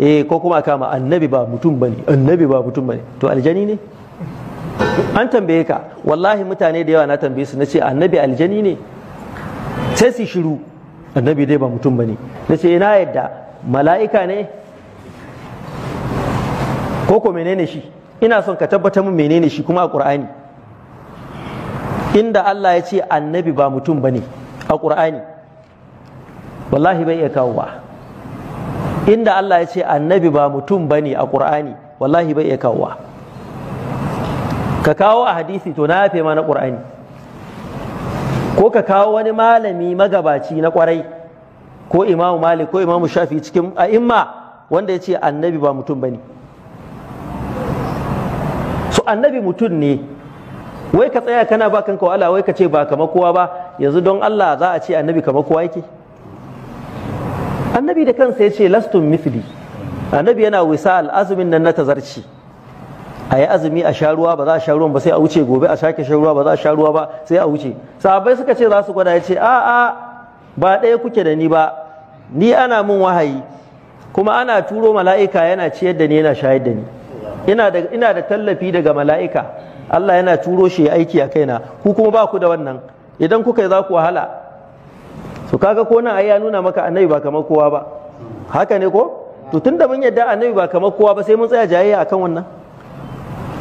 eh ko kuma kama annabi ba mutum bane annabi ba mutum bane to aljani ne an tambaye ka wallahi mutane da yawa na tambaye su nace annabi aljani ne sai su shiru annabi dai ba mutum bane nace ina yadda mala'ika ne ko ko menene shi ina son ka tabbatar min menene shi kuma a qur'ani inda Allah ya ce annabi ba mutum bane a qur'ani wallahi bai iya kawo ba inda Allah ya ce annabi ba mutum bane a Qur'ani wallahi bai iya kawowa ka kawo a hadisi to na yafe ma na Qur'ani ko ka kawo wani malami magabaci na kwarai ko imamu malik ko imamu shafi cikin a'imma wanda ya ce annabi ba mutum bane so annabi mutum ne wai ka tsaya kana ba kanka wala wai ka ce ba kama kowa ba yanzu don Allah za a ce annabi kama kowa yake annabi da kansa ya ce lastun mithli annabi yana wisa alazumin nan na tazarci a yi azumi a sha ruwa ba za a sha ba sai a wuce gobe a sake sha ruwa ba za a sha ba sai a wuce sahabbai suka ce za su gwada ya ce a a ba ɗaya kuke da ni ba ni ana mun wahayi kuma ana turo mala'ika yana ciyar da ni yana shayar da ni ina da tallafi daga mala'ika Allah yana turo shi aiki a kaina ku kuma ba ku da wannan idan kuka yi za ku wahala to kaga ko nan ai ya nuna maka annabi ba kamar kowa ba haka ne ko to tunda mun yadda annabi ba kamar kowa ba sai mun tsaya jayayya akan wannan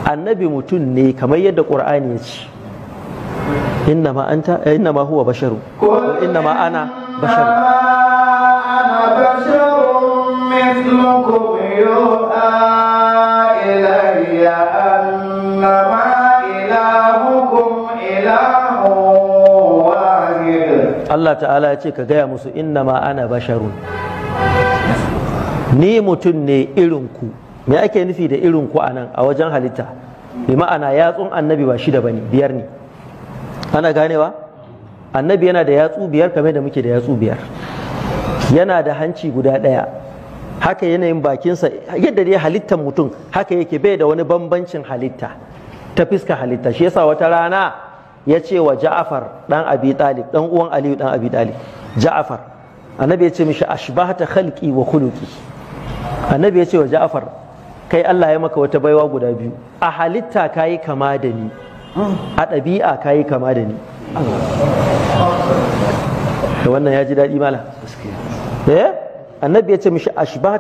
annabi mutum ne kamar yadda qur'ani ya ce innama anta eh, innama huwa basharu innama ana basharu ana basharun mithlukum yuha Allah ta'ala ya ce ka gaya musu inna ma ana basharun ni mutum ne irinku me ake nufi da irinku a nan a wajen halitta bi ma'ana yatsun annabi ba shida bane biyar ne ana ganewa annabi yana da yatsu biyar kamar da muke da yatsu biyar yana da hanci guda ɗaya haka yanayin bakinsa yadda dai halittan mutum haka yake bai da wani bambancin halitta ta fiska halitta shi yasa wata rana ya ce wa ja'afar dan abi talib dan uwan aliyu dan abi talib ja'afar annabi ya ce mishi ta khalqi wa khuluqi annabi ya ce wa ja'afar kai Allah ya maka wata baiwa guda biyu a halitta kayi kama da ni a ɗabi'a kayi kama da ni da wannan ya ji daɗi mala eh annabi ya ce mishi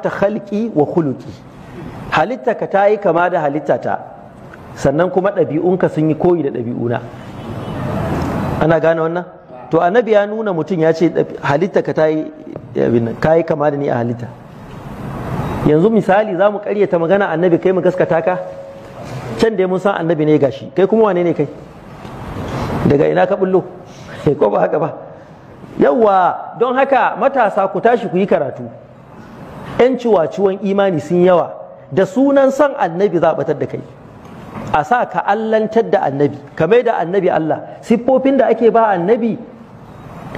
ta khalqi wa khuluqi halitta ka tayi kama da halitta ta sannan kuma ɗabi'unka sun yi koyi da ɗabi'una ana gane wannan to annabi ya nuna mutum ya ce halitta ka tayi kama da ni a halitta yanzu misali za mu karyata magana annabi kai mu gaskata ka can dai mun san annabi ne gashi kai kuma wane ne kai daga ina ka bullo ko ba haka ba yawwa don haka matasa ku tashi ku yi karatu yan ciwon imani sun yawa da sunan san annabi za a batar da kai a sa ka allantar da annabi kamar da annabi Allah siffofin da ake ba annabi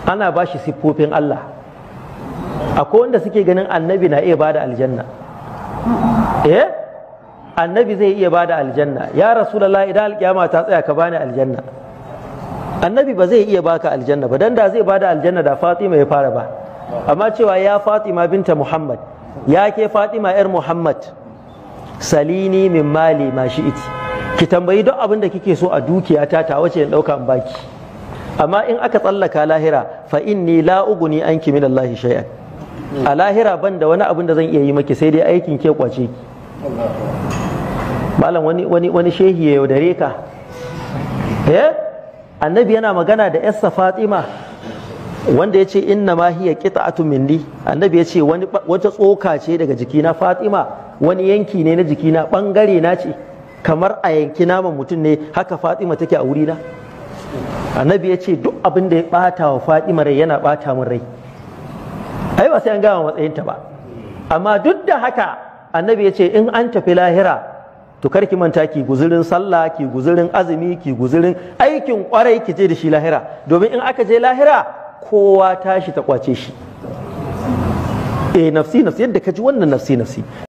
ana ba shi siffofin Allah akwai wanda suke ganin annabi na iya bada aljanna eh annabi zai iya bada aljanna ya rasulullah idan alkiyama ta tsaya ka bani aljanna annabi ba zai iya baka aljanna ba dan da zai bada aljanna da fatima ya fara ba amma cewa ya fatima binta muhammad ya ke fatima yar muhammad salini min mali ma iti. ki tambayi duk abin da kike so a dukiya ta ta wace in dauka an baki amma in aka tsallaka lahira fa inni la uguni anki min Allah shay'an a lahira ban da wani abin da zan iya yi maki sai dai aikin ke kwace ki malam wani wani wani shehi ya yaudare ka eh annabi yana magana da yarsa Fatima wanda ya ce inna ma hiya qita'atu minni annabi ya ce wani wata tsoka ce daga jikina Fatima wani yanki ne na jikina bangare na ce kamar a yanki naman mutum ne haka fatima take a wurina annabi ya ce duk abin da ya bata wa fatima rai yana bata min rai ai ba sai an gama matsayinta ba amma duk da haka annabi ya ce in an tafi lahira to kar ki manta ki guzurin sallah ki guzurin azumi ki guzurin aikin kwarai ki je da shi lahira domin in aka je lahira kowa tashi ta kwace shi eh nafsi nafsi yadda ka ji wannan nafsi nafsi